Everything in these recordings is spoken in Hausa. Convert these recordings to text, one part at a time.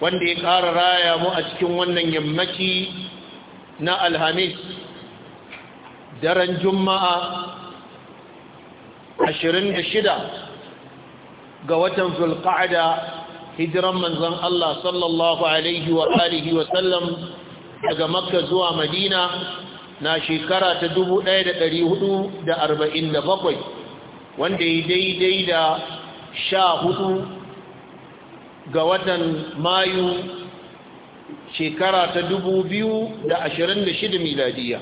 wanda ya ƙara raya mu a cikin wannan yammaci na alhamis daren juma'a 26 ga watan zulqa'ada hijiran manzon Allah sallallahu alaihi wa alihi wa sallam daga makka zuwa madina na shekara ta 1447 wanda ya daidai da sha hudu ga watan mayu shekara ta dubu biyu da da miladiya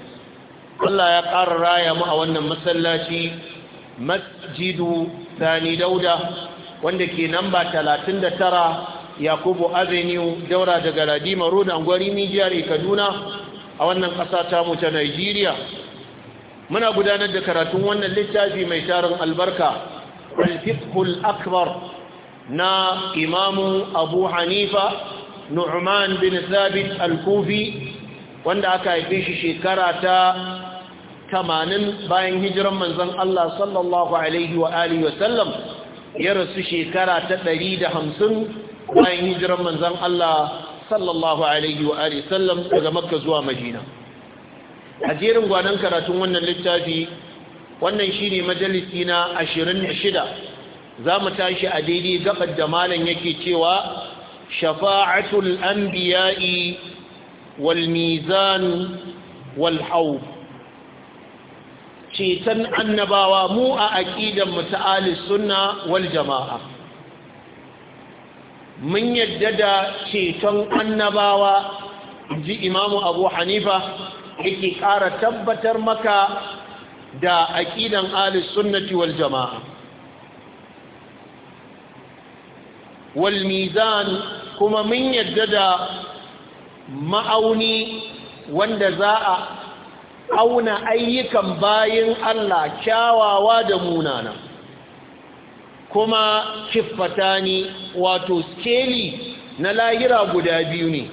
Allah ya ƙara raya mu a wannan masallaci masjidu sani dauda wanda ke namba talatin da tara yakubu avenue daura daga ladima road angwari mijiyar kaduna a wannan ƙasa tamu ta nigeria muna gudanar da karatun wannan littafi mai tarin albarka alfiqhul akbar na imamu abu hanifa nu'man bin thabit al-kufi wanda aka haife shi shekara ta tamanin bayan hijiran manzon Allah sallallahu alaihi wa alihi wa sallam ya rasu shekara ta ɗari da hamsin bayan hijiran manzan Allah sallallahu alaihi wa alihi sallam daga makka zuwa madina a jerin gwanon karatun wannan littafi wannan shine majalisi na shida. za mu tashi a daidai gabar da malam yake cewa shafa'atul anbiya'i wal mizan wal haub ceton annabawa mu a aqidan mu ta sunna wal jama'a mun yadda da ceton annabawa ji imamu abu hanifa yake ƙara tabbatar maka da aqidan Ali sunnati wal jama'a wal mizan kuma mun yarda da ma'auni wanda za a auna ayyukan bayin Allah kyawawa da munana kuma kiffatani wato skeli na lahira guda biyu ne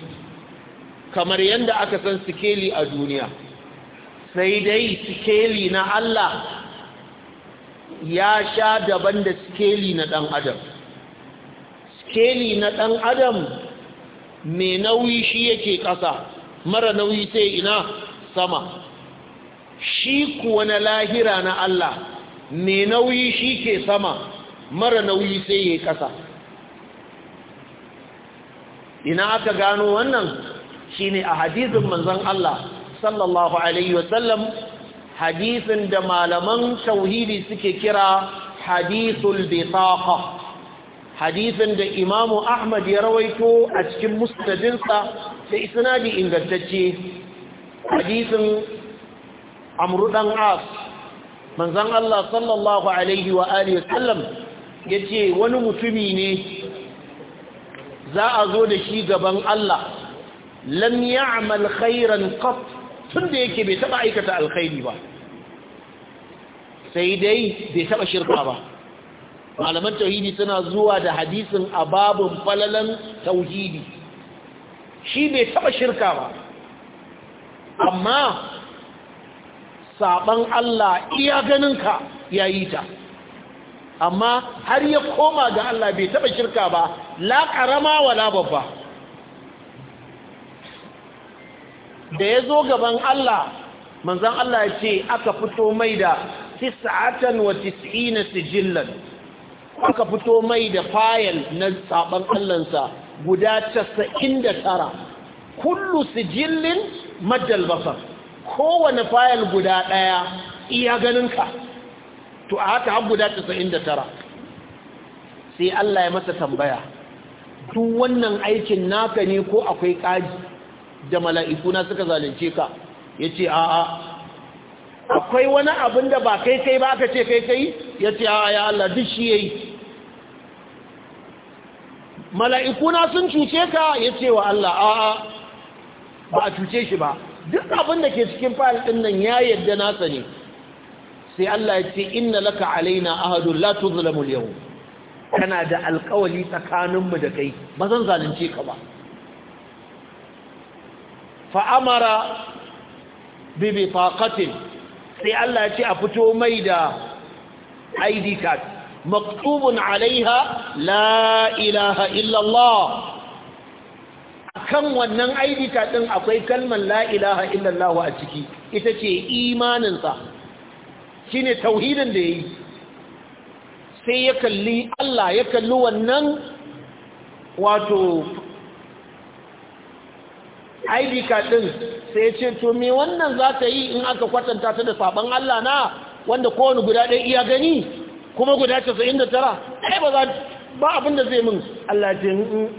kamar yadda aka san skeli a duniya sai dai skeli na Allah ya sha daban da skeli na ɗan adam keli na ɗan adam mai nauyi shi yake ƙasa mara nauyi sai ina sama shi kuwa na lahira na Allah mai nauyi shi ke sama mara nauyi sai ya ƙasa ina aka gano wannan shi ne a hadisin manzan Allah sallallahu Alaihi wasallam hadisin da malaman tauhidi suke kira hadisul bitaqa hadisin da imamu ahmad ya rawaito a cikin musnadinsa da isnadi ingantacce hadisin amru dan as manzon Allah sallallahu alaihi wa alihi sallam yace wani mutumi ne za a zo da shi gaban Allah lam ya'mal khairan qat tunda yake bai taba aikata alkhairi ba sai dai bai taba shirka ba malaman tauhidi suna zuwa da hadisin ababun falalan tauhidi shi bai taba shirka ba amma saban Allah iya ganinka ya yi ta amma har ya koma ga Allah bai taba shirka ba la karama wala babba da ya zo gaban Allah manzan Allah ya ce aka fito mai da tis'atan wa sijillan aka fito mai da fayil na saban allansa guda 99 kullu sijillin majal basar kowane fayil guda daya iya ganinka to a haka har guda 99 sai Allah ya masa tambaya duk wannan aikin naka ne ko akwai kaji da mala'iku na suka zalunce ka yace a'a akwai wani abin da ba kai kai ba aka ce kai kai ya ce ya Allah duk shi yayi mala'ikuna sun cuce ka ya ce wa Allah a'a ba a cuce shi ba duk abin da ke cikin fayil ɗin nan ya yadda nasa ne sai Allah ya ce inna laka alaina ahadun la tuzlamul yau kana da alkawali tsakaninmu da kai ba zan zalunce ka ba fa'amara bibi faƙatin sai Allah ya ce a fito mai da ID card maktubun alaiha la ilaha illallah kan wannan aibita ɗin akwai kalmar la ilaha illallah a ciki ita ce imaninsa shi ne tauhidin da ya yi sai ya kalli Allah ya kalli wannan wato aibita ɗin sai ce to me wannan za ta yi in aka kwatanta ta da sabon Allah na wanda kowane guda ɗaya iya gani kuma guda 99 ai ba ba abin da zai min Allah ce mm, mm,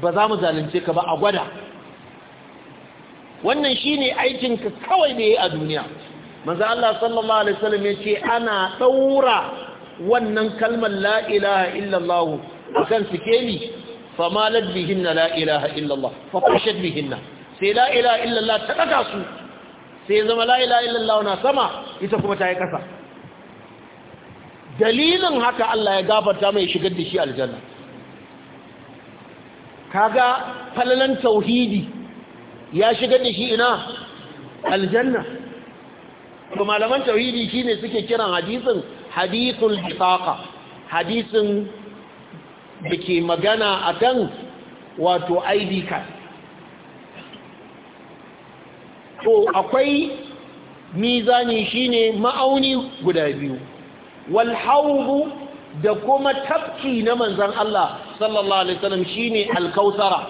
ba za mu zalunce ka ba a gwada wannan shine aikin ka kawai da ne a duniya Maza Allah sallallahu alaihi wasallam yace ana daura wannan kalmar la ilaha illallah akan sikeli famalat bihinna la ilaha fa qashat bihinna sai la ilaha ta daga su sai zama la ilaha na sama ita kuma ta yi ƙasa. dalilin haka Allah ya gafarta mai shigar da shi aljanna kaga falalan tauhidi ya shigar da shi ina aljanna to malaman tauhidi shine suke kiran hadisin hadithul bisaqa hadisin dake magana akan wato ID card to akwai mizani shine ma'auni guda biyu wal da kuma tafki na manzan Allah sallallahu alaihi wasallam shine al-kautsara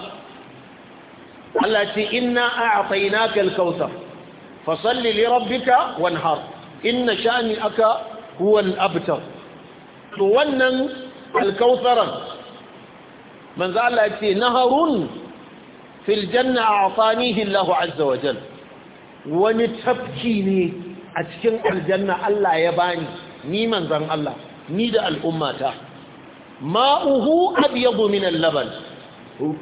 Allah ce inna a'tainaka al-kautsar salli li rabbika wanhar inna sha'ni'aka huwa al-abtar to wannan al-kautsaran manzon Allah ce naharun fil janna a'tanihi Allahu azza wa jalla wani tafki ne a cikin aljanna Allah ya bani ni manzan Allah ni da al'ummata ma'uhu abyadu min laban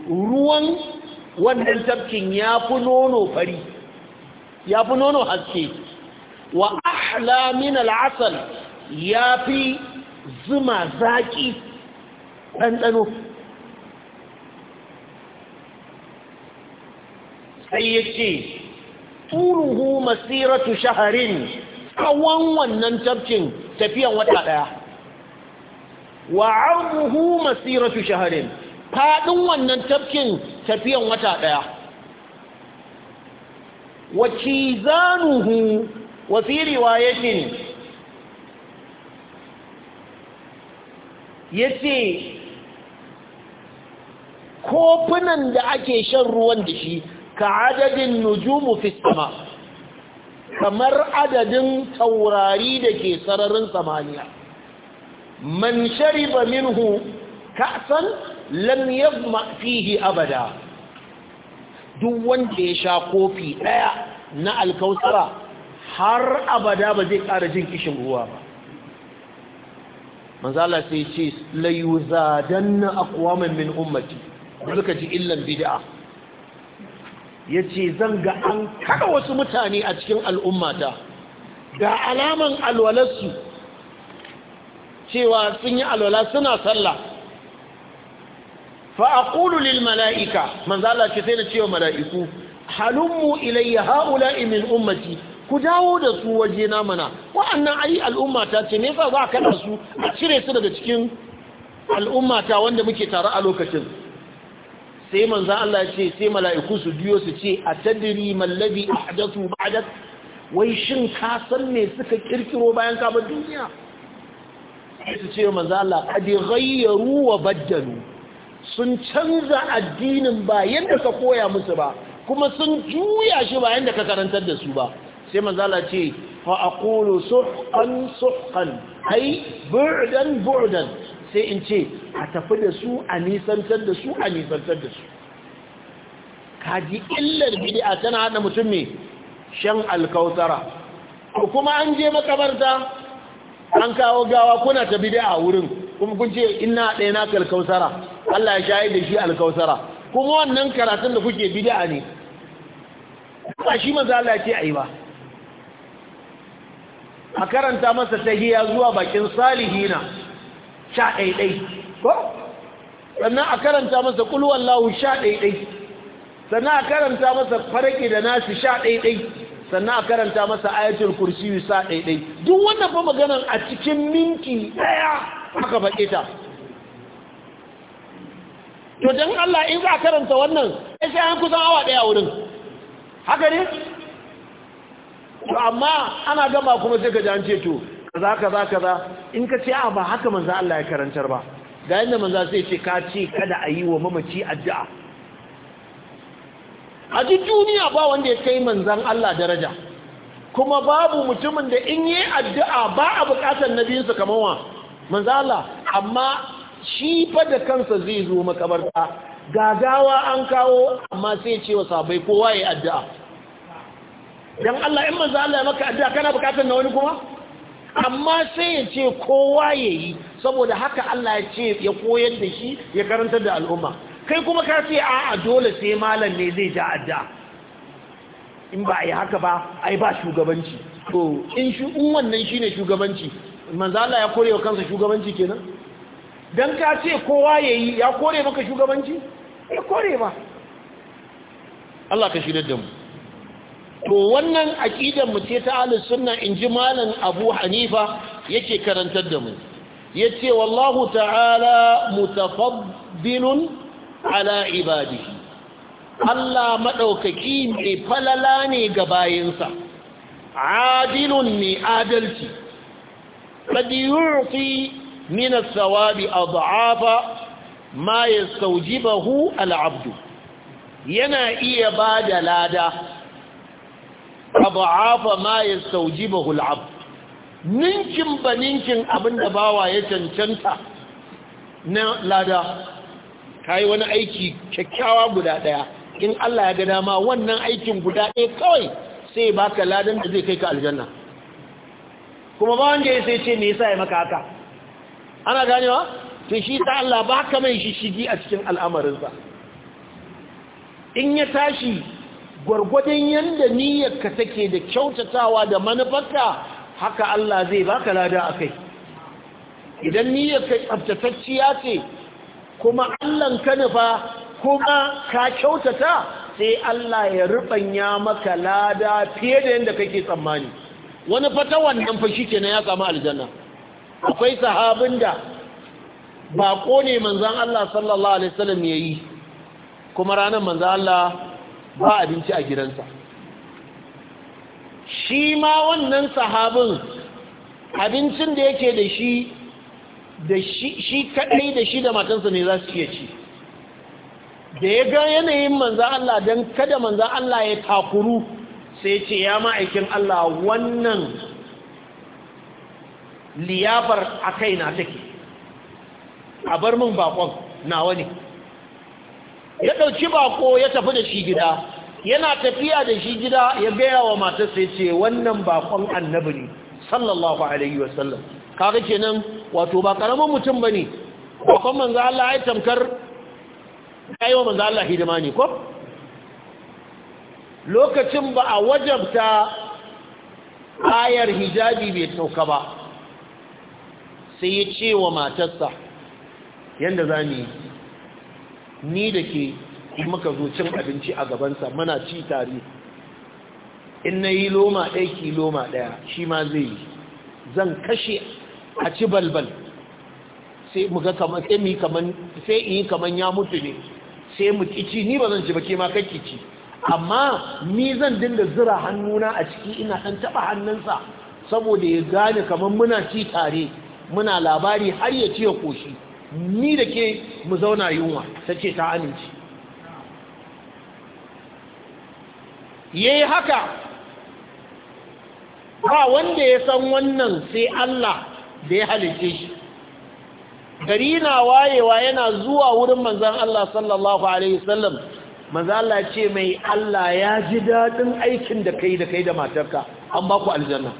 ruwan wannan tafkin yafi nono fari yafi nono haske wa ahla min al-asal yafi zuma zaƙi ɗanɗano sai ya ce turuhu masiratu shaharin tsawon wannan tafkin tafiyan wata daya wa arduhu masiratu shahrin fadin wannan tafkin tafiyan wata daya wa kizanuhu wa fi riwayatin yace kofunan da ake shan ruwan da shi ka adadin nujumu fi sama kamar adadin taurari da ke sararin samaniya man shariba minhu ka'san lam yadma fihi abada duk wanda ya sha kofi daya na alkausara har abada ba zai ƙara jin kishin ruwa ba manzala sai ce layuzadanna aqwaman min ummati duka ji illan bid'a ya ce zan ga an kada wasu mutane a cikin al'ummata ga alaman alwalarsu cewa sun yi alwala suna sallah fa'aƙulu lil mala'ika manzala ce sai na cewa mala'iku halummu ilayya ha'ula imin ummati ku dawo da su waje na mana wa'annan ayi al'ummata ce nefa za a kada su a cire su daga cikin al'ummata wanda muke tare a lokacin sai manzan Allah ya ce sai mala'iku su biyo su ce a tadiri mallabi a hajjatu wai shin ka san me suka kirkiro bayan ka duniya sai su ce manzan Allah wa baddalu sun canza addinin ba yanda ka koya musu ba kuma sun juya shi ba da ka karantar da su ba sai manzan Allah ce fa aqulu suhqan suhqan ai burdan bu'dan sai in ce a tafi da su a nisantar da su a nisantar da su kaji illar bid'a tana hada mutum ne shan alkautara ko kuma an je makabarta an kawo gawa kuna ta a wurin kuma kun ce ina ɗaya na alkautara Allah ya shayi da shi alkautara kuma wannan karatun da kuke bid'a ne ba shi maza Allah ce ayi ba a karanta masa tahiya zuwa bakin salihina sha ɗaiɗai ko sannan a karanta masa ƙulwar lahu sha ɗaiɗai sannan a karanta masa farake da nasu sha ɗaiɗai sannan a karanta masa ayatul kursi sa ɗaiɗai duk wannan fa maganar a cikin minti ɗaya aka faɗe ta to don Allah in za a karanta wannan ya sha yan kusan awa ɗaya wurin haka ne to amma ana gama kuma sai ka ji an ce to kaza kaza kaza in ka ce a ba haka manzo Allah ya karantar ba ga yanda manzo sai ce ka ci kada a yi wa mamaci addu'a a duk duniya ba wanda ya kai manzan Allah daraja kuma babu mutumin da in yi addu'a ba a bukatar nabiyinsa kamar wa manzo Allah amma shi fa da kansa zai zo makabarta gagawa an kawo amma sai ce wa sabai kowa ya addu'a dan Allah in manzo Allah ya maka addu'a kana bukatar na wani kuma amma sai ya ce kowa ya yi saboda haka Allah ya ce ya koyar da shi ya karantar da al'umma kai kuma ka ce a'a dole sai malam ne zai ja adda in ba a yi haka ba ai ba shugabanci to in shi in wannan ne shugabanci manza Allah ya kore wa kansa shugabanci kenan Don ka ce kowa ya yi ya kore maka shugabanci ya kore ba Allah ka shi da mu to wannan aƙidar mu ce ta ahlus sunna inji malam Abu Hanifa yake karantar da mu yace wallahu ta'ala mutafaddilun ala ibadihi Allah madaukaki mai falala ne ga bayinsa adilun ne adalci qad yu'ti min as-sawabi adhafa ma yastawjibahu al-'abd yana iya bada lada abu'afa ma yastawjibahu al-'abd ninkin ba ninkin abinda bawa ya cancanta na lada kai wani aiki kyakkyawa guda daya in Allah ya ga dama wannan aikin guda ɗaya kawai sai baka ladan da zai kai ka aljanna kuma ba wanda ya sai ce me yasa ya maka haka ana ganewa to shi ta Allah baka mai shi shigi a cikin al'amarinsa in ya tashi gwargwadon yanda niyyarka take da kyautatawa da manufarka haka Allah zai baka lada a kai. idan niyyarka tsaftatacciya ce kuma Allah ka nufa kuma ka kyautata sai Allah ya ya maka lada fiye da yanda kake tsammani wani fata wannan ke na ya samu aljanna akwai sahabin da bako ne manzan Allah sallallahu alaihi wasallam yi. kuma ranar manzan Allah ba abinci a gidansa shi ma wannan sahabin abincin da yake da shi da shi kaɗai da shi da matansa ne za su iya ci da ya ga yanayin manza Allah don kada manza Allah ya takuru sai ce ya ma'aikin Allah wannan liyafar a kai kaina take a bar min bakon nawa ne ya ɗauki bako ya tafi da shi gida yana tafiya da shi gida ya gaya wa matarsa ya ce wannan bakon annabi ne sallallahu alaihi wasallam kaga kenan wato ba karamin mutum bane bakon manzo Allah ai tamkar kaiwa manzo Allah hidima ne ko lokacin ba a wajabta ayar hijabi bai ɗauka ba sai ya ce wa matarsa yanda zamu yi ni da ke muka zo cin abinci a gabansa muna ci tare in na yi loma ɗaya ki loma ɗaya shi ma zai yi zan kashe a ci balbal sai mu ga sai yi kamar ya mutu ne sai mu ci ni ba zan ci ba ke ma kake ci amma ni zan dinga zira hannuna a ciki ina ɗan taɓa hannunsa saboda ya gane kamar muna ci tare muna labari har ya ci ya koshi ni da ke mu zauna yunwa ta ce ta aminci ya yi haka ba wanda ya san wannan sai Allah da ya halice shi gari na wayewa yana zuwa wurin manzan Allah sallallahu Alaihi wasallam manzan Allah ce mai Allah ya ji daɗin aikin da kai da kai da matarka an ba ku aljanna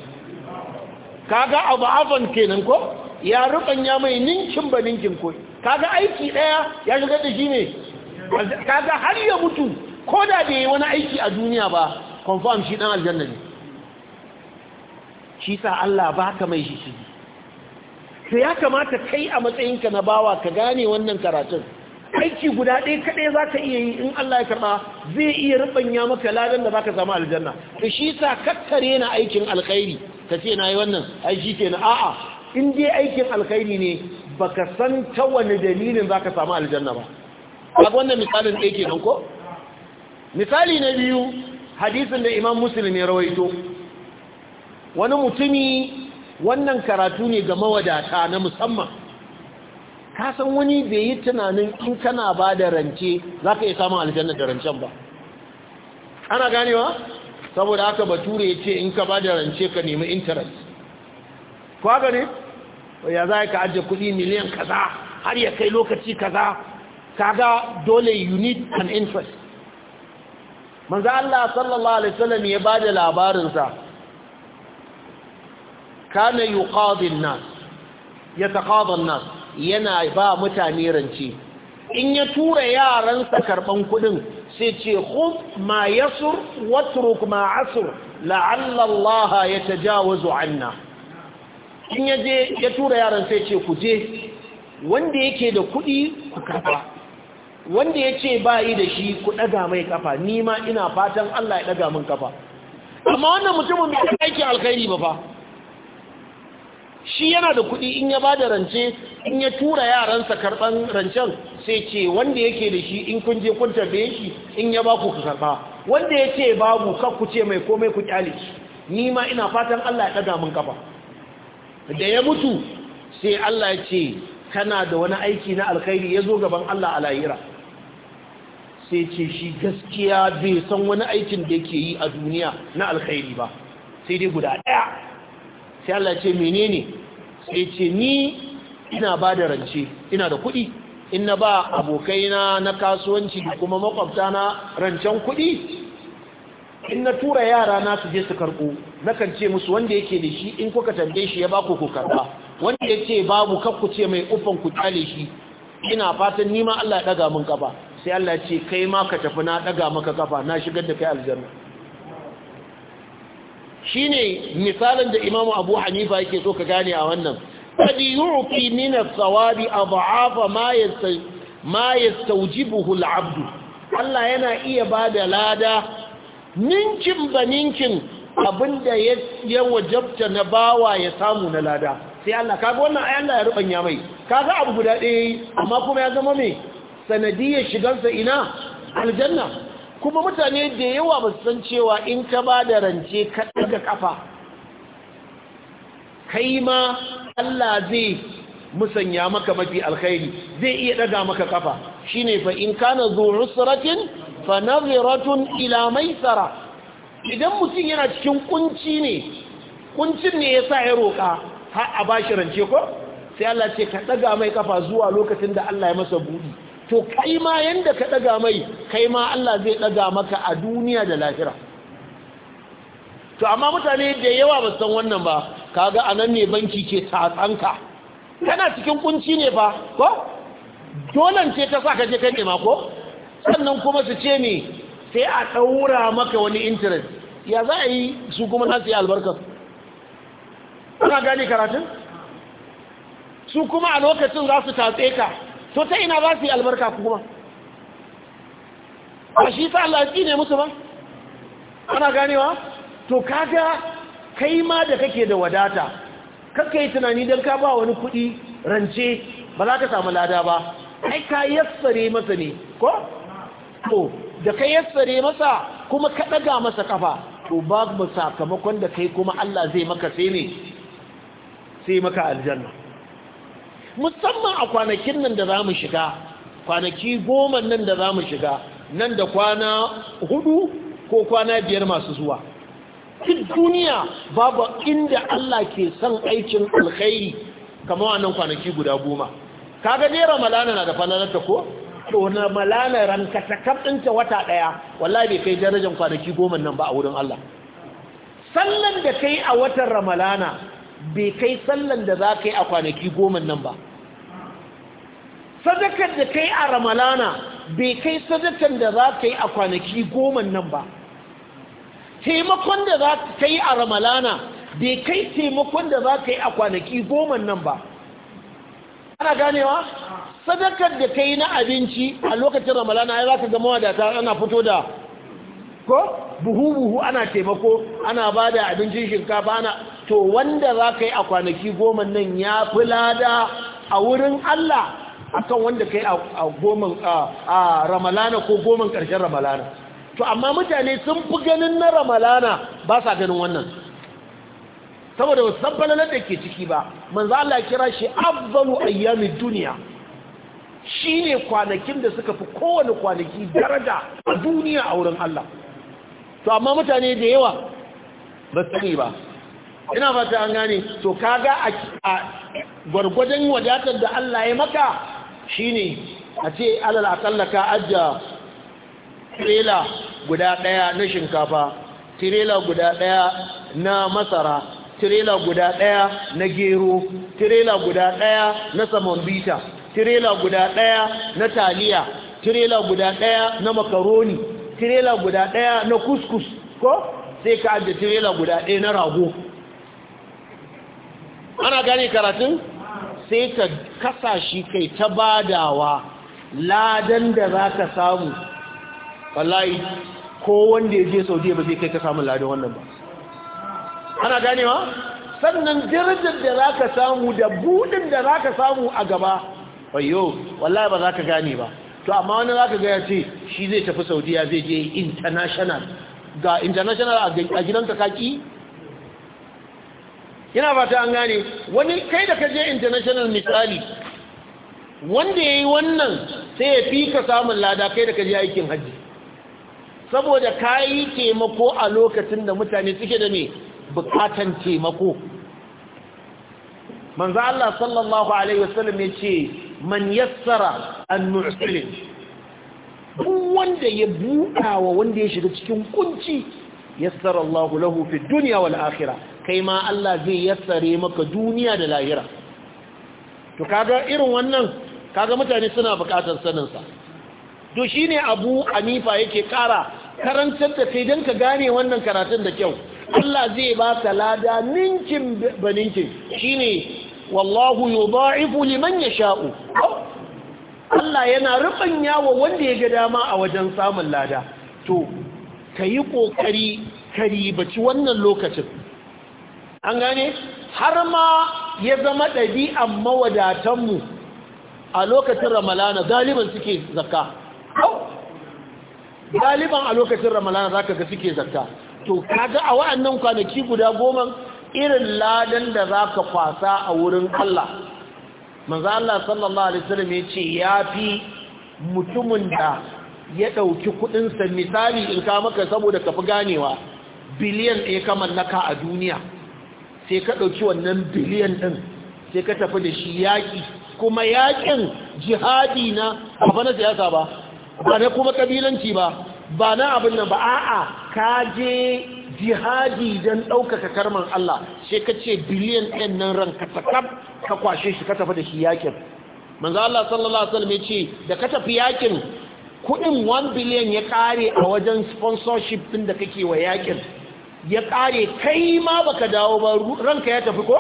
kaga abu afan kenan ko? ya rukanya mai ninkin ba ninkin koi kaga aiki daya ya shiga da shi ne kaga har ya mutu ko da bai yi wani aiki a duniya ba confirm shi dan aljanna ne shi sa Allah baka mai shi shi to ya kamata kai a matsayin ka na bawa ka gane wannan karatun aiki guda ɗaya kaɗai za ka iya yi in Allah ya karɓa zai iya rubanya maka ladan da za ka samu aljanna To shi sa kakkare na aikin alkhairi ka ce na yi wannan aiki ke na a'a in dai aikin alkhairi ne baka san ta wani dalilin zaka samu aljanna ba a wannan misalin ɗaya kenan ko misali na biyu hadisin da imam muslim ya rawaito wani mutumi wannan karatu ne ga mawadata na musamman ka san wani bai yi tunanin in kana ba da rance za ka iya samun aljanna da rancen ba ana ganewa saboda haka bature ya ce in ka ba da rance ka nemi intanet kwa ne ya za ka ajiye kuɗi miliyan kaza har ya kai lokaci kaza kaga dole you need an interest manzo Allah sallallahu alaihi wasallam ya bada labarin sa kana yuqadi an-nas yataqadi an-nas yana ba mutane rance in ya tura yaransa karban kudin sai ce khudh ma yasur watruk ma asur la'alla Allah yatajawazu 'anna in ya ya tura yaran sai ce ku je wanda yake da kuɗi ku karɓa wanda ya ce ba yi da shi ku ɗaga mai kafa ni ma ina fatan Allah ya ɗaga min kafa amma wannan mutumin bai ɗaga aikin alkhairi ba fa shi yana da kuɗi in ya ba da rance in ya tura yaransa karɓan rancen sai ce wanda yake da shi in kun je kun tambaye shi in ya ba ku ku karɓa wanda ya ce babu kar ku ce mai komai ku kyale shi ni ma ina fatan Allah ya ɗaga min kafa da ya mutu sai Allah ya ce kana da wani aiki na alkhairi ya zo gaban Allah a lahira sai ce shi gaskiya bai san wani aikin da yake yi a duniya na alkhairi ba sai dai guda ɗaya sai Allah ya ce menene sai ce ni ina ba da rance ina da kuɗi in na ba abokaina na kasuwanci kuma makwabta na rancen kuɗi in na tura yara na su je su karɓo nakan ce musu wanda yake da shi in kuka tambaye shi ya ba ku karɓa wanda ya ce babu kakku ce mai ufan ku ƙyale shi ina fatan nima Allah ya ɗaga min kafa sai Allah ce kai ma ka tafi na ɗaga maka kafa na shigar da kai aljanna shine misalin da Imam Abu Hanifa yake so ka gane a wannan qad yu'ti min as-sawabi adhafa ma ma al-'abd Allah yana iya bada lada ninkin ba ninkin abinda ya wajabta na bawa ya samu na lada sai Allah kaga wannan ayi Allah ya rubanya mai kaga abu guda ɗaya yi amma kuma ya zama mai sanadiyar shigarsa ina aljanna kuma mutane da yawa ba su san cewa in ka ba da rance ka daga kafa kai ma Allah zai musanya maka mafi alkhairi zai iya daga maka kafa shine fa in kana zu usratin fa tun ila maisara idan mutum yana cikin kunci ne kuncin ne yasa ya roka har a bashi rance ko sai Allah ce ka ɗaga mai kafa zuwa lokacin da Allah ya masa buɗi. to kai ma yanda ka ɗaga mai kai ma Allah zai ɗaga maka a duniya da lahira to amma mutane da yawa ba san wannan ba kaga anan ne banki ke tatsanka kana cikin kunci ne fa ko dolan ce ta sa ka je kai ma ko sannan kuma su ce ne sai a ɗaura maka wani interest ya za a yi su kuma nasu yi albarkar ana gane karatun su kuma a lokacin za su tatse ka to ta ina za su yi albarka kuma a shi sa alaƙi ne musu ba ana ganewa to kaga kai ma da kake da wadata kakka yi tunani don ka ba wani kuɗi rance ba za ka samu lada ba ai ka yassare masa ne ko to da ka yassare masa kuma ka ɗaga masa kafa to babu sakamakon da kai kuma Allah zai maka sai ne sai maka aljanna musamman a kwanakin nan da za shiga kwanaki goma nan da za shiga nan da kwana hudu ko kwana biyar masu zuwa duk duniya babu inda Allah ke son aikin alkhairi kamar wannan kwanaki guda goma kaga dai ramalana na da falalarta ko to na malana ranka ta kabdinta wata daya wallahi bai kai darajar kwanaki goma nan ba a wurin Allah sallan da kai a watan ramalana bai kai sallan da za ka yi a kwanaki goma nan ba sadakar da kai a ramalana bai kai sadakar da za ka yi a kwanaki goma nan ba taimakon da za ka yi a ramalana bai kai taimakon da za ka yi a kwanaki goma nan ba ana ganewa sadakar da yi na abinci a lokacin ramalana ya za ka gama wadata ana fito da ko buhu-buhu ana taimako ana ba da abincin shinkafa ana to wanda za ka yi a kwanaki goma nan ya fi lada a wurin Allah kan wanda yi a goma a ramalana ko goma karshen ramalana to amma mutane sun fi ganin na ramalana ba sa ganin wannan saboda wasu sabbalar da ke ciki ba manzo Allah kira shi afdalu ayyamid duniya shi ne kwanakin da suka fi kowane kwanaki daraja a duniya a wurin Allah to amma mutane da yawa ba su ne ba ina fata an gane to ga a gwargwajen wadatar da Allah ya maka Shi ne a ce alal akalla ka ajiya tirela guda daya na shinkafa tirela guda daya na masara tirela guda daya na gero tirela guda ɗaya na samon bita tirela guda ɗaya na taliya tirela guda ɗaya na makaroni tirela guda ɗaya na kuskus ko sai ka ajiye tirela guda ɗaya na rago ana gane karatun sai ka kasa shi kai ta badawa ladan da za ka samu wallahi ko wanda ya je sau ba zai kai ka samu ladan wannan ba ana ganewa sannan jirgin da za ka samu da budin da za ka samu a gaba wayo wallahi ba za ka gane ba to amma wani za ka ga ya ce shi zai tafi saudiya zai je international ga international a gidanka kaki yana fata an gane wani kai da ka je international misali wanda ya yi wannan sai ya fi ka samun lada kai da ka je aikin hajji saboda ka yi taimako a lokacin da mutane suke da ne bukatan taimako manzo Allah sallallahu alaihi wasallam ya ce man yassara an duk wanda ya buɗawa wa wanda ya shiga cikin kunci yassara Allah lahu fi dunya wal akhirah kai ma Allah zai yassare maka duniya da lahira to kaga irin wannan kaga mutane suna buƙatar sanin sa to shine Abu Anifa yake kara karantar da kai dan ka gane wannan karatun da kyau Allah zai ba ka lada ninkin ba shine wallahu yudha'ifu liman yasha'u Allah yana rufanya wa wanda ya ga dama a wajen samun lada to kai kokari karibaci wannan lokacin an gane har ma ya zama ɗabi'an mawadatanmu a lokacin ramalana galiban suke zakka galiban a lokacin ramalana zaka ga suke zakka to kaga a wa'annan kwanaki guda goma irin ladan da za ka kwasa a wurin Allah Maza Allah sallallahu alaihi wasallam ya ce ya fi mutumin da ya ɗauki kuɗinsa misali in ka maka saboda ka fi ganewa biliyan ɗaya ka mallaka a duniya sai ka ɗauki wannan biliyan ɗin sai ka tafi da shi yaƙi kuma yaƙin jihadi na ba na siyasa ba ba na kuma ƙabilanci ba ba na abin nan ba a'a ka je jihadi don ɗaukaka karman Allah sai ka ce biliyan ɗin nan ranka takab ka kwashe shi ka tafi da shi yakin manzo Allah sallallahu alaihi wasallam ya ce da ka tafi yakin kuɗin 1 biliyan ya ƙare a wajen sponsorship ɗin da kake wa yakin ya ƙare, kai ma baka dawo ba ranka ya tafi ko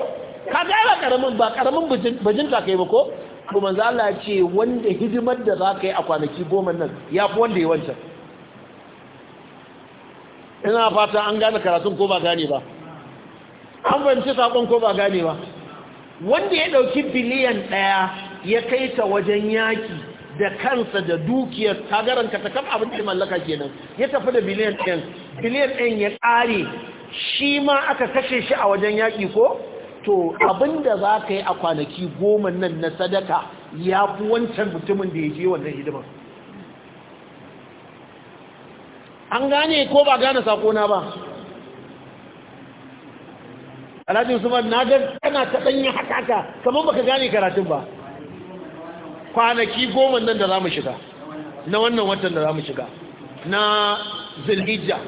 ka ga karamin ba karamin bajinta kai ba ko to manzo Allah ya ce wanda hidimar da za ka yi a kwanaki goma nan ya fi wanda ya wancan ina fata an gane karatun ko ba gane ba an fahimci sakon ko ba gane ba wanda ya dauki biliyan daya ya kai ta wajen yaki da kansa da dukiyar tagaran ta kam abin da mallaka kenan ya tafi da biliyan ɗin biliyan ɗin ya ƙare shi ma aka kashe shi a wajen yaki ko to abinda da za ka yi a kwanaki goma nan na sadaka ya fi wancan mutumin da ya je wannan hidimar an gane ko ba gane sakona ba alhaji usman na ga kana ta danyen hakaka kamar baka gane karatun ba kwanaki goma nan da za mu shiga na wannan watan da za mu shiga na zilhijja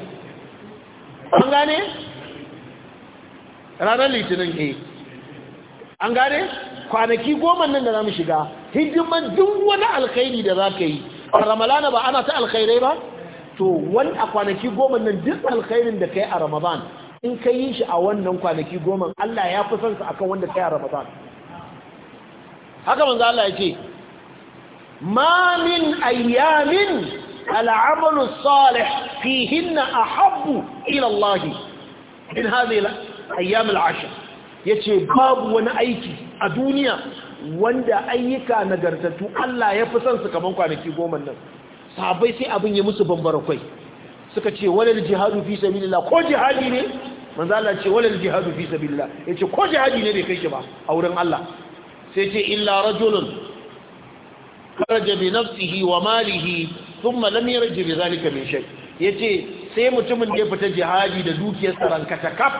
an gane ranar litinin ke eh. an gane kwanaki goma nan da za mu shiga hidiman duk wani alkhairi da za ka yi a ramalana ba ana ta alkhairai ba to wani a kwanaki goma nan duk alkhairin da kai a ramadan in ka yi shi a wannan kwanaki goma Allah ya fi son a akan wanda kai a ramadan haka manzo Allah ya ce ma min ayyamin al'amalu salih fihinna ahabbu ila Allah min hadhihi ayyam al yace babu wani aiki a duniya wanda ayyuka nagartattu Allah ya fi son su kaman kwanaki goma nan sahabbai sai abin ya musu bambara kwai suka ce walal jihadu fi sabilillah ko jihadi ne manzo Allah ce walal jihadu fi sabilillah yace ko jihadi ne bai kai shi ba a wurin Allah sai ce illa rajulun kharaja bi nafsihi wa malihi thumma lam yarji bi zalika min shay yace sai mutumin da ya fita jihadi da dukiyarsa rankata kaf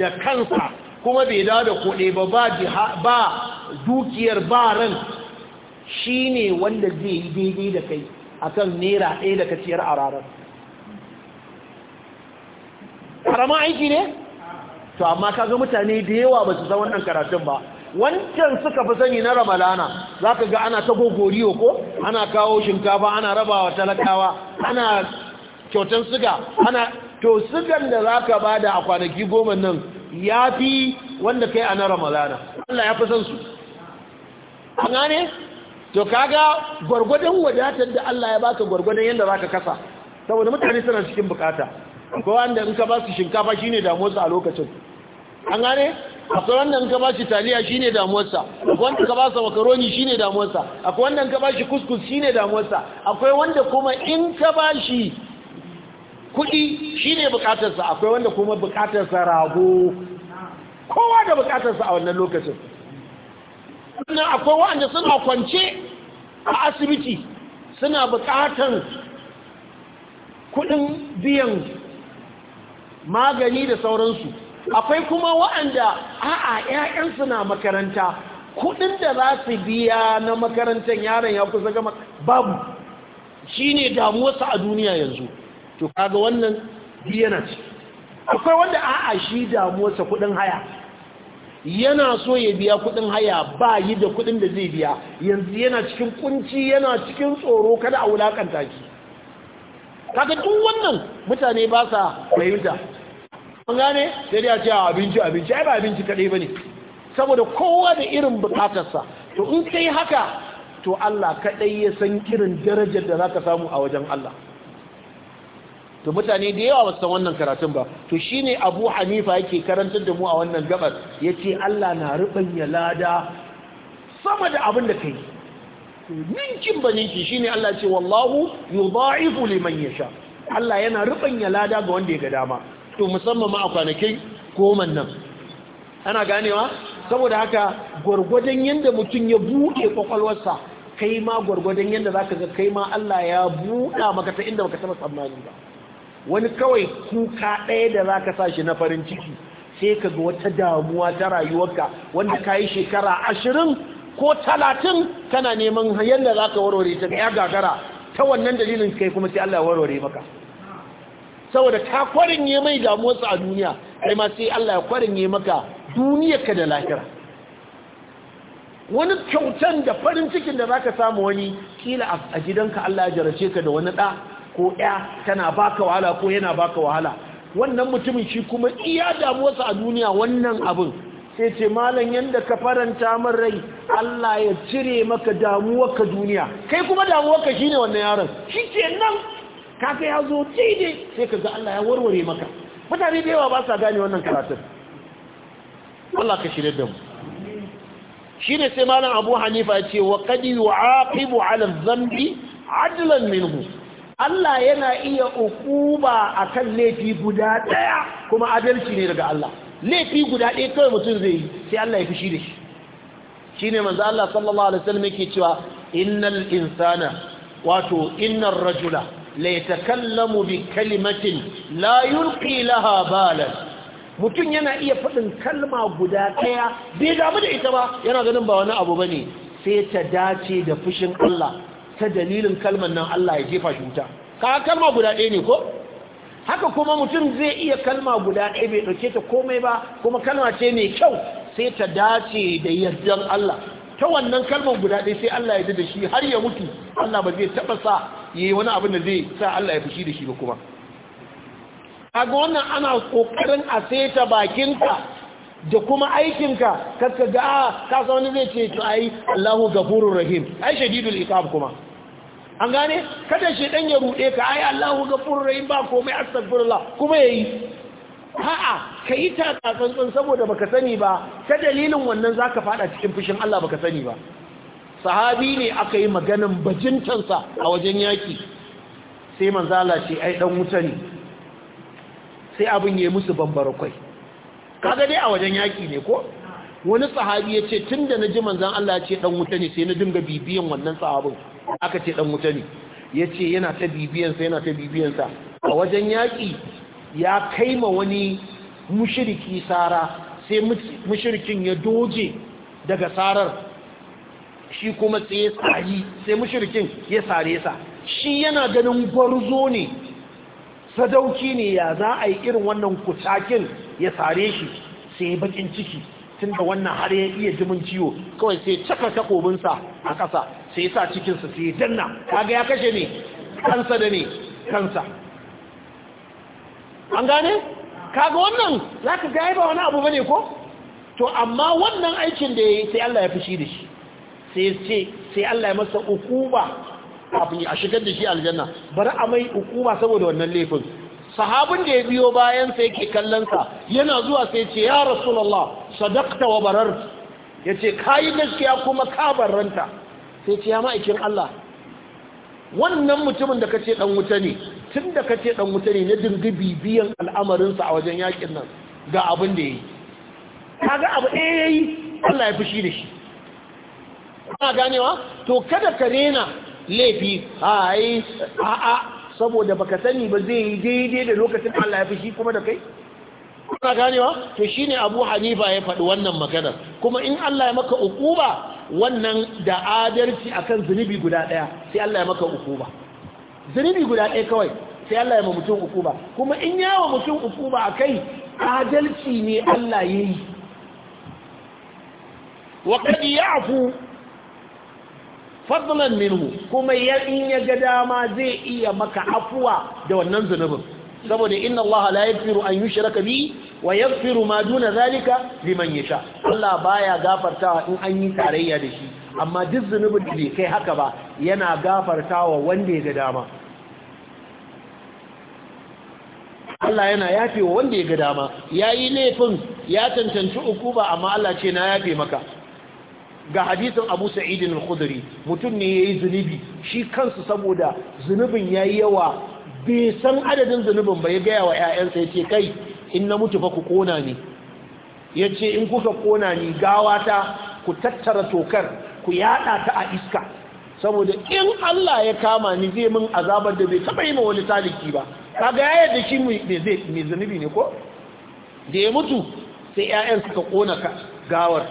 da kansa kuma bai dawo da kuɗe ba ba ba dukiyar ba ran shine wanda zai yi daidai da kai akan naira ɗaya da kaciyar a ranar ƙaramin aiki ne? to amma kaga mutane da yawa ba su san wannan karatun ba wancan suka fi sani na ramalana za ka ga ana ta gogoriyo ko ana kawo shinkafa ana rabawa talakawa ana kyautan suga ana to sugan da za ka ba da a kwanaki goma nan ya fi wanda kai a na ramalana Allah ya fi san su an ne? to kaga gurgudun wadatar da Allah ya baka gurgudun yadda zaka kasa saboda mutane suna cikin bukata akwai wanda in ka ba su shinkafa shine damuwarsa a lokacin an gane akwai wanda in ka ba shi taliya shine damuwarsa akwai wanda ka ba sa makaroni shine damuwarsa akwai wanda in ka ba shi kuskus shine damuwarsa akwai wanda kuma in ka ba shi kudi shine bukatarsa akwai wanda kuma bukatarsa rago kowa da bukatarsa a wannan lokacin sannan akwai wanda suna kwance a asibiti suna bukatan kuɗin biyan magani da sauransu akwai kuma wa'anda a'a 'ya'yansu na makaranta kuɗin da za su biya na makarantar yaron ya kusa gama babu shi ne damuwarsa a duniya yanzu to kaga wannan biyanar akwai wanda a'a shi damuwarsa kuɗin haya yana so ya biya kudin haya ba yi da kudin da zai biya yanzu yana cikin kunci yana cikin tsoro kada a wulakanta ki kaga duk wannan mutane ba sa fahimta an gane sai ya a ce abinci abinci ai ba abinci kadai bane saboda kowa da irin bukatarsa to in kai haka to Allah kadai ya san kirin darajar da zaka samu a wajen Allah to mutane da yawa ba san wannan karatun ba to shine Abu Hanifa yake karantar da mu a wannan gabar yace Allah na rubanya lada sama da abin da kai ninkin ba ninki shine Allah ce wallahu yudha'ifu liman yasha Allah yana rubanya lada ga wanda ya ga dama to musamman ma a kwanakin goman nan ana ganewa saboda haka gwargwadon yanda mutum ya buɗe kwakwalwarsa kai ma gwargwadon yanda zaka ga kai ma Allah ya buɗa maka ta inda baka taba tsammani ba wani kawai kuka ɗaya da za ka sa shi na farin ciki sai ka ga wata damuwa ta rayuwarka wanda ka yi shekara ashirin ko talatin kana neman da za ka warware ta ya gagara ta wannan dalilin kai kuma sai Allah warware maka saboda ta kwarin yi mai damuwarsa a duniya ai ma sai Allah ya kwarin yi maka duniyarka da lahira wani kyautan da farin cikin da za ka samu wani kila a gidanka Allah ya jarace ka da wani ɗa ko ɗaya tana baka wahala ko yana baka wahala wannan mutumin shi kuma iya damuwarsa a duniya wannan abin sai ce malam yadda ka faranta min rai Allah ya cire maka ka duniya kai kuma damuwarka shine wannan yaron ce nan kaka ya zo daidai sai kaga Allah ya warware maka mutane da yawa ba sa gane wannan karatun Allah ka shirye da mu shine sai malam Abu Hanifa ya ce wa qad yu'aqibu 'ala 'adlan minhu Allah yana iya ukuba a kan laifi guda ɗaya kuma adalci ne daga Allah laifi guda ɗaya kawai mutum zai yi sai Allah ya fushi da shi shi ne manzo Allah sallallahu alaihi wasallam yake cewa innal insana wato innar rajula la yatakallamu bi kalimatin la yulqi laha balan mutum yana iya faɗin kalma guda ɗaya bai damu da ita ba yana ganin ba wani abu bane sai ta dace da fushin Allah ta dalilin kalmar nan Allah ya jefa shi wuta ka kalma guda ɗaya ne ko haka kuma mutum zai iya kalma guda ɗaya bai ɗauke ta komai ba kuma kalma ce mai kyau sai ta dace da yardan Allah ta wannan kalmar guda ɗaya sai Allah ya da shi har ya mutu Allah ba zai taɓa sa ya yi wani abin da zai sa Allah ya fushi da shi ba kuma a ga wannan ana ƙoƙarin a saita bakinka da kuma aikinka kakka ga ah, ka kasa wani zai ce to ai Allahu gafurur rahim ai shadidul iqab kuma an gane kada shi dan ya rude ka ai Allahu ghafurur rahim ba komai astaghfirullah kuma yayi a'a kai ta tsantsan saboda baka sani ba ta dalilin wannan zaka fada cikin fushin Allah baka sani ba sahabi ne aka yi maganin bajintansa a wajen yaki sai manzala ce ai dan wuta ne sai abin yayi musu bambara kai kaga dai a wajen yaki ne ko wani sahabi ya ce tun da na ji manzan Allah ya ce ɗan wuta ne sai na dinga bibiyan wannan sahabin aka ce dan wuta ne ya ce yana ta bibiyansa yana ta bibiyansa a wajen yaƙi ya kai ma wani mushiriki sara sai mushirikin ya doje daga sarar shi kuma tsaye tsayi sai mushirikin ya sare sa shi yana ganin gwarzo ne sadauki ne ya za a yi irin wannan kusakin ya sare shi sai bakin ciki tun da wannan har ya iya jimin ciwo kawai sai caka takobinsa a ƙasa sai sa sa cikinsa sai ya danna kaga ya kashe ne kansa da ne kansa an gane kaga wannan za ka gaya ba wani abu bane ko to amma wannan aikin da yayi yi sai Allah ya fushi da shi sai ce sai Allah ya masa ukuba a shigar da shi aljanna bari a mai ukuba saboda wannan laifin sahabin da ya biyo bayan sai yake sa yana zuwa sai ce ya rasulullah sadaqta wa barar yace kai gaskiya kuma ka barranta sai ce ya ma'aikin Allah wannan mutumin da kace dan wuta ne tun da kace dan wuta ne na biyan bibiyan al'amarinsa a wajen yakin nan ga abin da yayi kaga abu ɗaya yayi Allah ya fushi da shi kana ganewa to kada ka rena laifi ai a a saboda baka sani ba zai yi daidai da lokacin Allah ya fushi kuma da kai kuna ganewa to shine Abu Hanifa ya faɗi wannan magana kuma in Allah ya maka ukuba wannan da adalci akan zunubi guda daya sai Allah ya maka ukuba zunubi guda daya kawai sai Allah ya ma mutum ukuba kuma in yawa mutum ukuba akai adalci ne Allah yayi wa qad ya'fu fadlan minhu kuma in ya ga dama zai iya maka afuwa da wannan zunubin saboda inna Allah la yaghfiru an yushraka bi wa yaghfiru ma duna zalika liman yasha Allah baya gafartawa in an yi tarayya da shi amma duk zunubin da kai haka ba yana gafartawa wanda ya ga dama Allah yana yafe wa wanda ya ga dama yayi laifin ya tantance ukuba amma Allah ce na yafe maka ga hadisin Abu Sa'id al-Khudri mutum ne yayi zunubi shi kansa saboda zunubin yayi yawa bai san adadin zunubin ba ya gaya wa 'ya'yansa ya ce kai in na mutu fa ku kona ni ya ce in kuka kona ni ta ku tattara tokar ku yada ta a iska saboda in Allah ya kama ni zai min azabar da bai taba yi ma wani taliki ba kaga ya yadda shi mai zunubi ne ko da ya mutu sai 'ya'yan suka kona gawar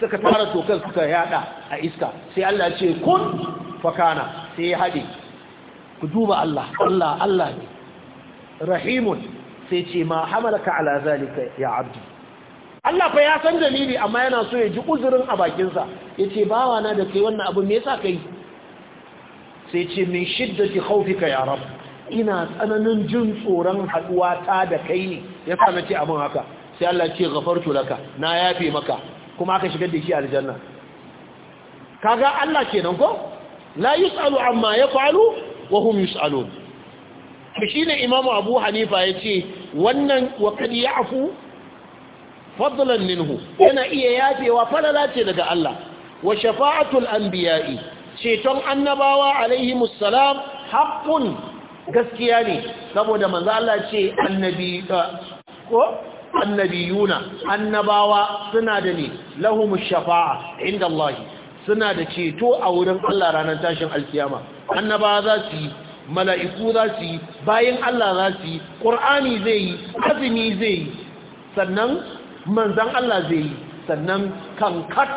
suka tara tokar suka yada a iska sai Allah ce kun fakana sai ya haɗe ku duba Allah Allah Allah ne rahimun sai ce ma hamalaka ala zalika ya abdi Allah fa ya san dalili amma yana so ya ji uzurin a bakinsa ya ce bawa na da kai wannan abu me yasa kai sai ce min shiddati khawfika ya rab ina tsananin jin tsoron haduwa ta da kai ne yasa nace abin haka sai Allah ce ghafartu laka na yafe maka kuma aka shigar da shi aljanna kaga Allah kenan ko la yusalu amma yaf'alu wa hum yus'alun shi imam abu hanifa ya ce wannan wa kad ya'fu fadlan minhu yana iya yafewa falala ce daga Allah wa shafa'atul anbiya'i ceton annabawa alaihi musallam haqqun gaskiya ne saboda manzo Allah ce annabi uh, ko annabiyuna annabawa suna da ne lahumu shafa'a inda Allah suna da ceto a wurin Allah ranar tashin alkiyama annaba za su yi mala'iku za su yi bayan Allah za su yi ƙur'ani zai yi azumi zai yi sannan manzan Allah zai yi sannan kankat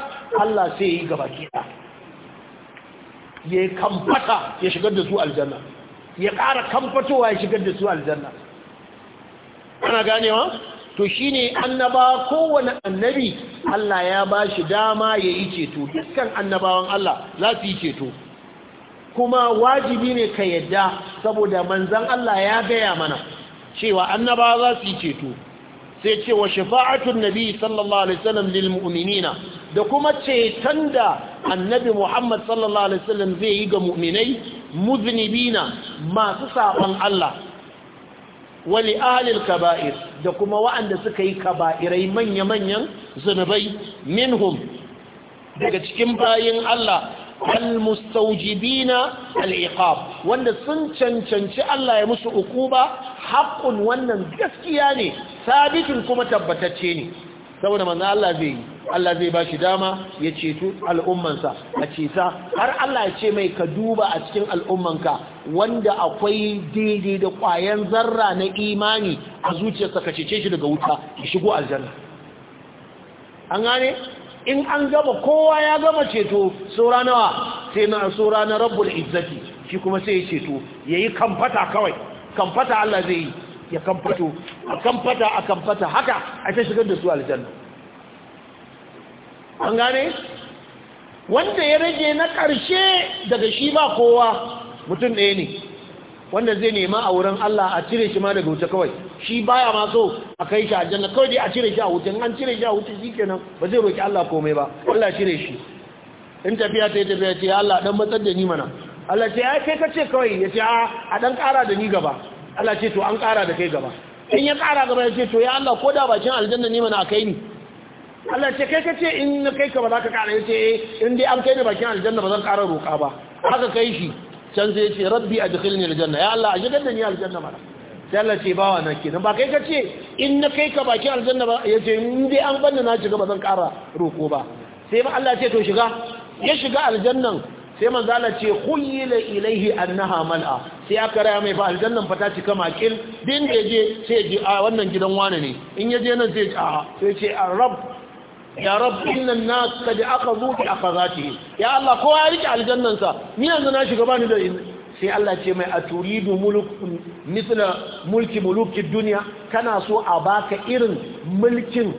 Allah sai yi gaba kiɗa ya yi kamfata ya shigar da su aljanna ya ƙara kamfatowa ya shigar da su aljanna ana ganewa to shine annaba kowane annabi Allah ya ba shi dama ya yi ceto dukkan annabawan Allah za su yi ceto kuma wajibi ne ka yadda saboda manzan Allah ya gaya mana cewa annaba za su yi ceto sai cewa shafa'atun nabi sallallahu alaihi wasallam lil mu'minina da kuma ceton da annabi Muhammad sallallahu alaihi wasallam zai yi ga mu'minai muznibina masu saban Allah wali ahlil kaba'ir da kuma wa'anda suka yi kaba'irai manya-manyan zunubai minhum daga cikin bayin Allah al mustawjibina al-iqab wanda sun cancanci Allah ya musu ukuba haqqun wannan gaskiya ne sabitin kuma tabbatacce ne saboda manzo Allah zai yi Allah zai bashi dama ya ceto al'ummansa a cesa har Allah ya ce mai ka duba a cikin al'ummanka wanda akwai daidai da ƙwayan zarra na imani a zuciyarsa ka cece shi daga wuta ya shigo aljanna an gane in an gaba kowa ya gama ceto sura nawa sai na sura na rabbul izzati shi kuma sai ya ceto yayi kamfata kawai kamfata Allah zai yi ya kamfato a kamfata a kamfata haka a ta shigar da su aljanna an gane wanda ya rage na karshe daga shi ba kowa mutum ɗaya ne wanda zai nema a wurin Allah a cire shi ma daga wuce kawai shi baya ma so a kai shi aljanna kawai dai a cire shi a wuce an cire shi a wuce shikenan ba zai roki Allah komai ba Allah cire shi in tafiya ta yi tafiya ce Allah dan matsar da ni mana Allah ce ai kai ce kawai ya ce a dan kara da ni gaba Allah ce to an ƙara da kai gaba in ya ƙara gaba ya ce to ya Allah ko da bakin aljanna ne mana kai ni Allah ce kai ka ce in na kai ka ba za ka ƙara ya ce eh, in dai an kai ni bakin aljanna ba zan ƙara roƙa ba haka kai shi can sai ya ce rabbi adkhilni aljanna ya Allah a shigar da ni aljanna mana sai Allah ce bawa na kenan ba kai ka ce in na kai ka bakin aljanna ba ya ce in dai an banna na shiga ba zan ƙara roƙo ba sai ba Allah ce to shiga ya shiga aljannan sai manzala ce khuyyila ilaihi annaha mal'a sai aka raya mai fa aljannan fa ta cika makil din da je sai a wannan gidan wani ne in ya je nan sai a sai ce arab ya rab inna an-nas kad akhadhu bi akhazatihi ya Allah ko ya rike aljannan sa ni yanzu na shiga bani da sai Allah ce mai aturidu mulkun mithla mulki mulukid dunya kana so a baka irin mulkin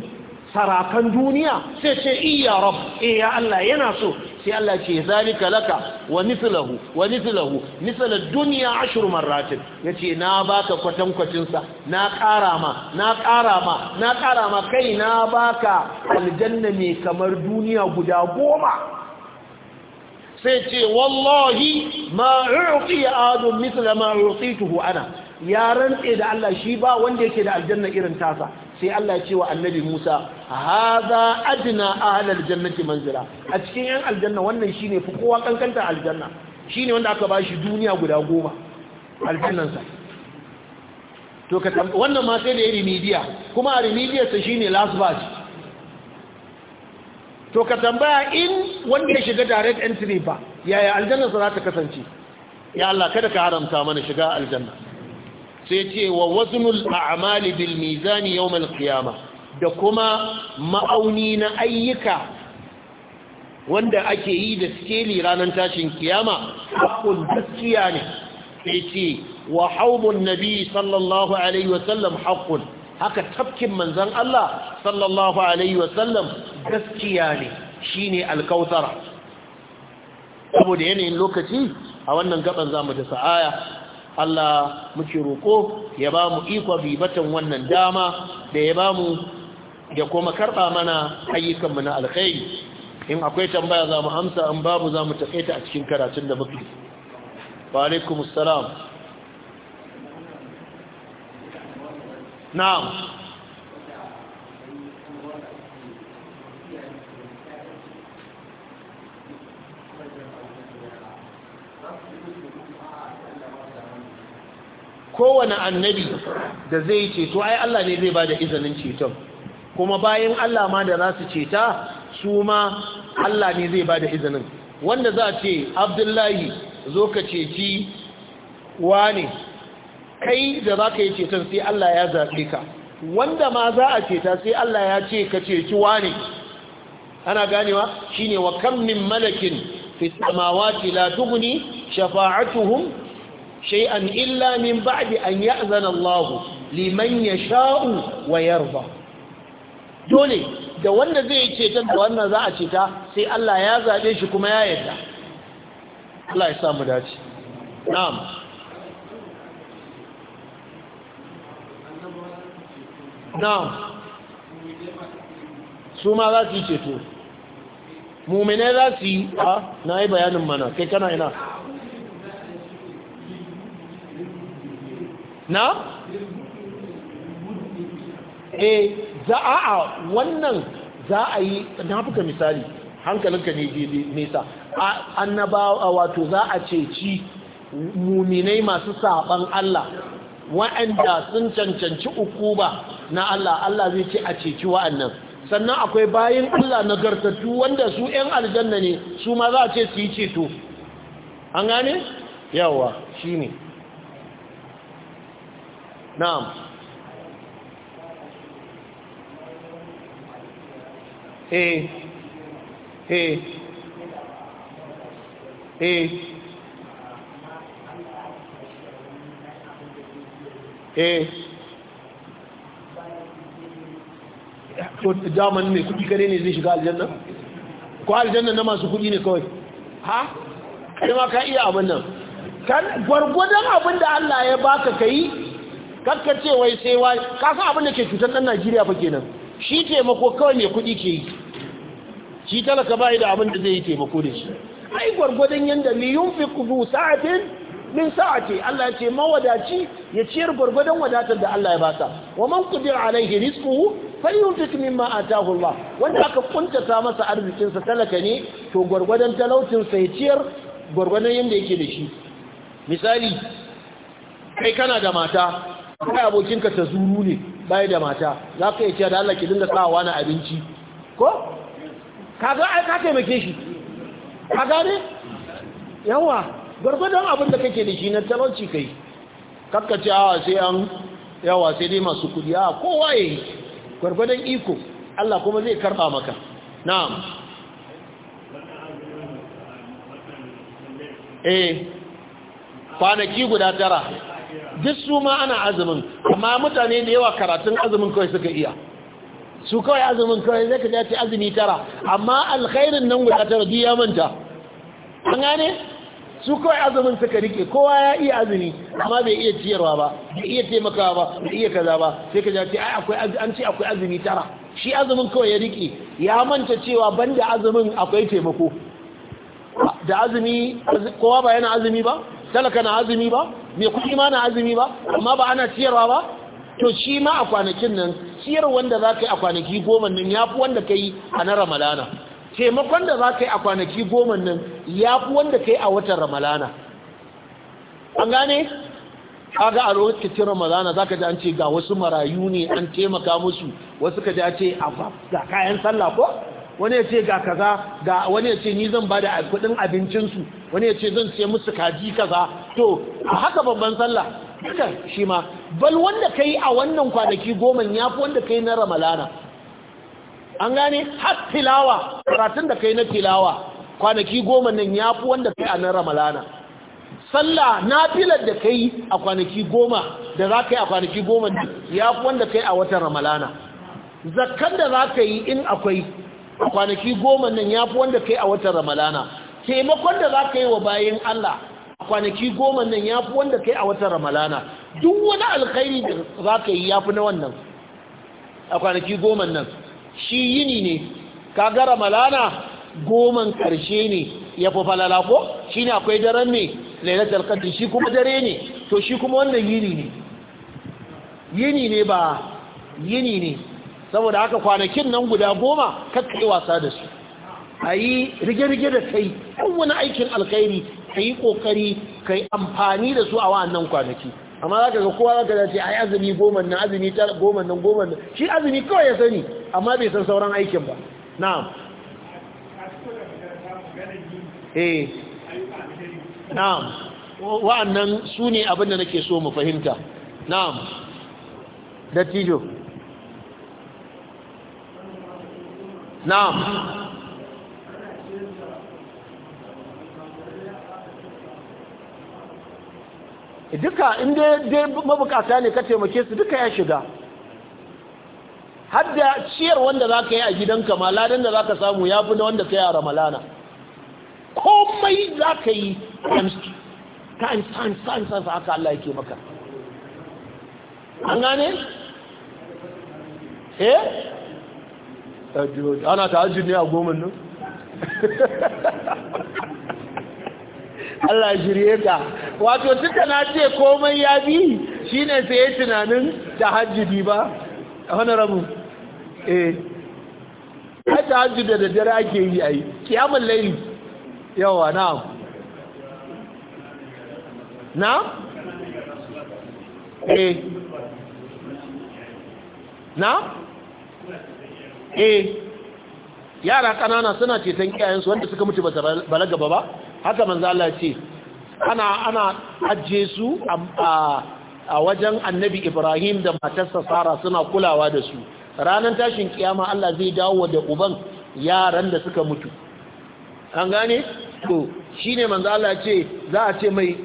sarakan duniya sai ce iya rab eh, ya Allah yana so sai Allah ce zalika laka wa mithluhu wa mithluhu mithla dunya ashru marratin yace na baka kwatan kwatin sa na ƙara ma na ƙara ma na ƙara ma kai na baka aljanna ne kamar duniya guda goma sai ce wallahi ma u'ti adu mithla ma u'tituhu ana ya rantse da Allah shi ba wanda yake da aljanna irin tasa sai Allah ya ce wa annabi Musa hadha adna ahlal jannati manzila a cikin yan aljanna wannan shine fi kowa kankanta aljanna shine wanda aka bashi duniya guda goma sa to ka wannan ma sai da remediya kuma remediya ta shine last batch to ka tambaya in wanda ya shiga direct entry ba yaya aljanna za ta kasance ya Allah kada ka haramta mana shiga aljanna sai ce wa waznul a'mali bil mizani yawmal kiyama da kuma ma'auni na ayyuka wanda ake yi da skeli ranar tashin kiyama haƙun gaskiya ne sai ce wa haubun nabi sallallahu alaihi wasallam haƙun haka tafkin manzan Allah sallallahu alaihi wasallam gaskiya ne shine alkautara saboda yanayin lokaci a wannan gaban zamu da sa'aya Allah muke roƙo ya ba mu iko bibatan wannan dama da ya ba mu ya kuma karɓa mana ayyukanmu na alkhairi in akwai tambaya za mu amsa an babu za mu taƙaita a cikin karatun da muke wa alaikum salam na'am kowane annabi da zai ceto ai Allah ne zai bada izinin ceton kuma bayan Allah ma da za su ceta su ma Allah ne zai bada izinin wanda za ce abdullahi zo ka ceci wane kai da za ka yi ceton sai Allah ya zaɓe ka wanda ma za a ceta sai Allah ya ce ka ceci wane ana ganewa shine wa kam min malakin fi samawati la tughni shafa'atuhum shay'an illa min ba'di an ya'zana Allah liman yasha'u wa yarda dole da wanda zai yi ceta da wannan za a ceta sai Allah ya zabe shi kuma ya yarda Allah ya samu dace na'am na'am su ma za su yi ceto Mu mumine za su yi a na yi bayanin mana kai kana ina na? e za a wannan za a yi na fuka misali hankalinka ne nesa a wato za a ceci muminai masu saban Allah wa'anda sun cancanci uku ba na Allah Allah zai ce a ceci wa'annan sannan akwai bayan Allah nagartattu wanda su 'yan aljanna ne su ma za a ce su yi ceto an gane? yawa shi ne نعم ايه ايه ايه ايه ko daman ne kudi kare ne zai shiga aljanna ko aljanna na masu kudi ne kawai ha kai ma ka iya abin nan gwargwadon abin da Allah ya baka kai ce wai sai wai ka san abin da ke cutar ɗan Najeriya fa kenan shi taimako kawai mai kuɗi ke yi shi talaka bai da abin da zai yi taimako da shi ai gwargwadon yanda li yunfiqu bu sa'atin min sa'ati Allah ya ce mawadaci ya ciyar gwargwadon wadatar da Allah ya basa wa man qadira alaihi rizquhu falyunfiq mimma ataahu Allah wanda aka kuntata masa arzikinsa talaka ne to gwargwadon talaucinsa ya ciyar gwargwadon yanda yake da shi misali kai kana da mata Kawai abokinka ta zuru ne bai da mata za ka yi cewa da Allah ki dinga tsawa na abinci ko? kaga ai ka taimake shi ka gane? yawa gwargwadon abin da kake da shi na talauci kai kakkace awa sai an yawa sai dai masu kudi a kowa ya yi gwargwadon iko Allah kuma zai karba maka na'am eh kwanaki guda tara duk su ma ana azumin amma mutane da yawa karatun azumin kawai suka iya su kawai azumin kawai zai ka dace azumi tara amma alkhairin nan guda tara ya manta an gane su kawai azumin suka rike kowa ya iya azumi amma bai iya ciyarwa ba bai iya taimakawa ba bai iya kaza ba sai ka dace ai akwai an ce akwai azumi tara shi azumin kawai ya rike ya manta cewa banda azumin akwai taimako da azumi kowa ba yana azumi ba talaka na azumi ba mai kuɗi ma na azumi ba amma ba ana ciyarwa ba to shi ma a kwanakin nan ciyar wanda za ka yi a kwanaki goma nan ya fi wanda ka yi a na ramalana taimakon da za ka yi a kwanaki goma nan ya fi wanda ka yi a watan ramalana an gane ga a lokacin ramadana za ka ji an ce ga wasu marayu ne an taimaka musu wasu ka ji a ce a ga kayan sallah ko wani ya ce ga kaza ga wani ya ce ni zan bada kudin abincinsu wani ya ce zan siya musu kaji kaza to a haka babban sallah duka shi ma bal wanda ka yi a wannan kwanaki goma ya fi wanda ka yi na ramalana an gane har tilawa karatun da ka na tilawa kwanaki goma nan ya fi wanda ka yi a na ramalana sallah na filar da ka yi a kwanaki goma da za ka yi a kwanaki goma ya fi wanda ka yi a watan ramalana zakkan da za ka yi in akwai a kwanaki goma nan ya fi wanda kai a watan ramalana taimakon da za ka yi wa bayan Allah a kwanaki goma nan ya fi wanda kai a watan ramalana duk wani alkhairi da za ka yi ya fi na wannan a kwanaki goma nan shi yini ne ka ga ramalana goman karshe ne ya fi falala ko shi ne akwai daren ne lailatar kanta shi kuma dare ne to shi kuma wannan yini ne yini ne ba yini ne saboda haka kwanakin nan guda goma kakkai wasa da su a yi rige-rige da kai ɗan wani aikin alkhairi ka yi ƙoƙari ka yi amfani da su a wa'annan kwanaki amma za ka ga kowa za ka dace a yi azumi goma nan azumi goma nan goma nan shi azumi kawai ya sani amma bai san sauran aikin ba na'am eh na'am wa'annan su ne abin da nake so mu fahimta na'am dattijo نعم duka inda dai mabukata ne ka taimake su duka ya shiga har ciyar wanda za ka yi a gidanka ma ladan da za ka samu ya fi na wanda ka yi a ramalana komai za ka yi times times times haka Allah yake maka an gane? eh tajjudi ana tahajjud ne a goma nan Allah shirye ka wato suka na ce komai ya bi shi ne sai tunanin tahajjudi ba rabu eh ta tahajjud da dare ake yi a ai kiyamul layl yawa na. Na. eh Na. eh yara kanana suna ceton iyayensu wanda suka mutu ba su balaga ba ba haka manzo Allah ce ana ana ajje su a wajen annabi Ibrahim da matarsa Sara suna kulawa da su Ranan tashin kiyama Allah zai dawo da uban yaran da suka mutu an gane to shine manzo Allah ce za a ce mai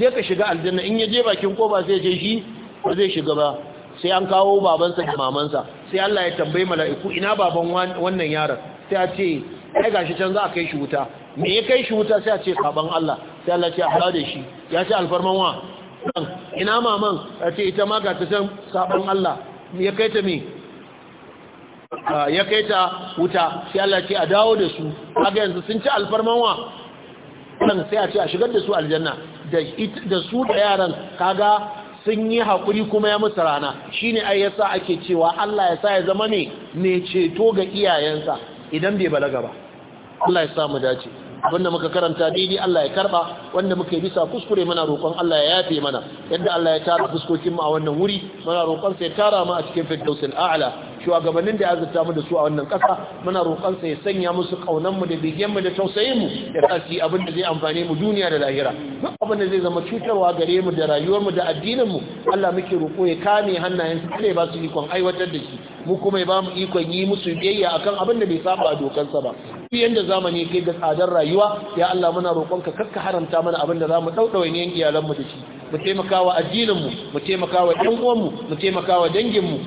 je ka shiga aljanna in ya je bakin koba zai je shi ba zai shiga ba sai an kawo babansa da mamansa sai Allah ya tambayi mala'iku ina baban wannan yaron sai a ce ai gashi can za a kai shi wuta me ya kai shi wuta sai a ce saban Allah sai Allah ce a da shi ya ce alfarman wa ina maman a ce ita ma ga ta san saban Allah ya kai ta me ah, ya kai ta wuta sai Allah ce a dawo da su kaga yanzu sun ci alfarman wa sai a ce a shigar da su aljanna da su da yaran kaga sun yi hakuri kuma ya musu rana shi ne ai yasa ake cewa Allah ya sa ya zama ne ne ceto ga iyayensa idan bai balaga ba Allah ya sa mu dace abinda muka karanta daidai Allah ya karba wanda muka yi bisa kuskure muna roƙon Allah ya yafe mana yadda Allah ya tara fuskokin mu a wannan wuri muna roƙon sa ya tara mu a cikin firdausil a'ala shugabannin da ya azurta mu da su a wannan ƙasa muna roƙon sa ya sanya musu kaunan mu da bigen mu da tausayin mu ya kasi abin da zai amfane mu duniya da lahira duk abin da zai zama cutarwa gare mu da rayuwar mu da addinin mu Allah muke roƙo ya kame hannayen su kare ba su ikon aiwatar da shi mu kuma ba mu ikon yi musu biyayya akan abin da bai saba dokansa ba Duk yanda zamani kai ga tsadar rayuwa ya Allah muna roƙonka karka haramta mana abin da zamu daudawa ne iyalan mu da shi mu taimakawa addinin mu mu taimakawa ɗan uwan mu mu taimakawa dangin mu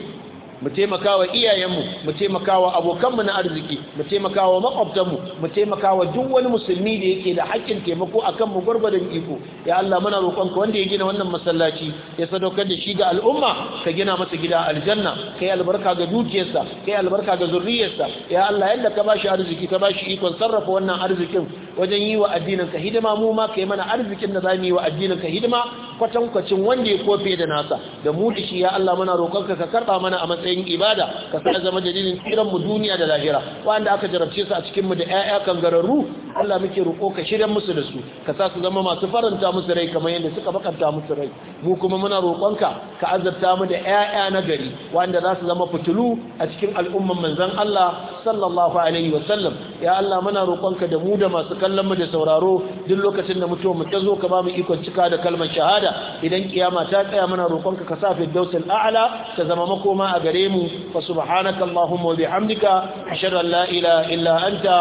mu taimakawa iyayenmu mu taimakawa abokanmu na arziki mu taimakawa makwabtanmu mu taimakawa duk wani musulmi da yake da haƙƙin taimako akan mu gwargwadon iko ya Allah muna roƙonka wanda ya gina wannan masallaci ya sadaukar da shi ga al'umma ka gina masa gida aljanna kai albarka ga dukiyarsa kai albarka ga zurriyarsa ya Allah yadda ka bashi arziki ka bashi ikon sarrafa wannan arzikin wajen yi wa addinin ka hidima mu ma kai mana arzikin da za mu yi wa addinin ka hidima kwatankwacin wanda ya kofe da nasa da mu da shi ya Allah muna roƙonka ka karɓa mana a matsayin matsayin ibada ka sa zama dalilin tsiran mu duniya da lahira wanda aka jarabce su a cikin mu da ƴaƴa kangararru Allah muke roƙo ka shirya musu da su ka sa su zama masu faranta musu rai kamar yadda suka bakanta musu rai mu kuma muna roƙonka ka azabta mu da ƴaƴa na gari wanda za su zama fitulu a cikin al'umman manzon Allah sallallahu alaihi wa sallam ya Allah muna roƙonka da mu da masu kallon mu da sauraro duk lokacin da mutum mu ta zo ka ba mu ikon cika da kalmar shahada idan kiyama ta tsaya muna roƙonka ka sa fi dausul a'la ka zama makoma a gare gare mu fa subhanaka allahumma wa bihamdika ashhadu an la ilaha illa anta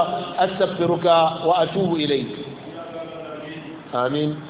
astaghfiruka wa atubu ilayk amin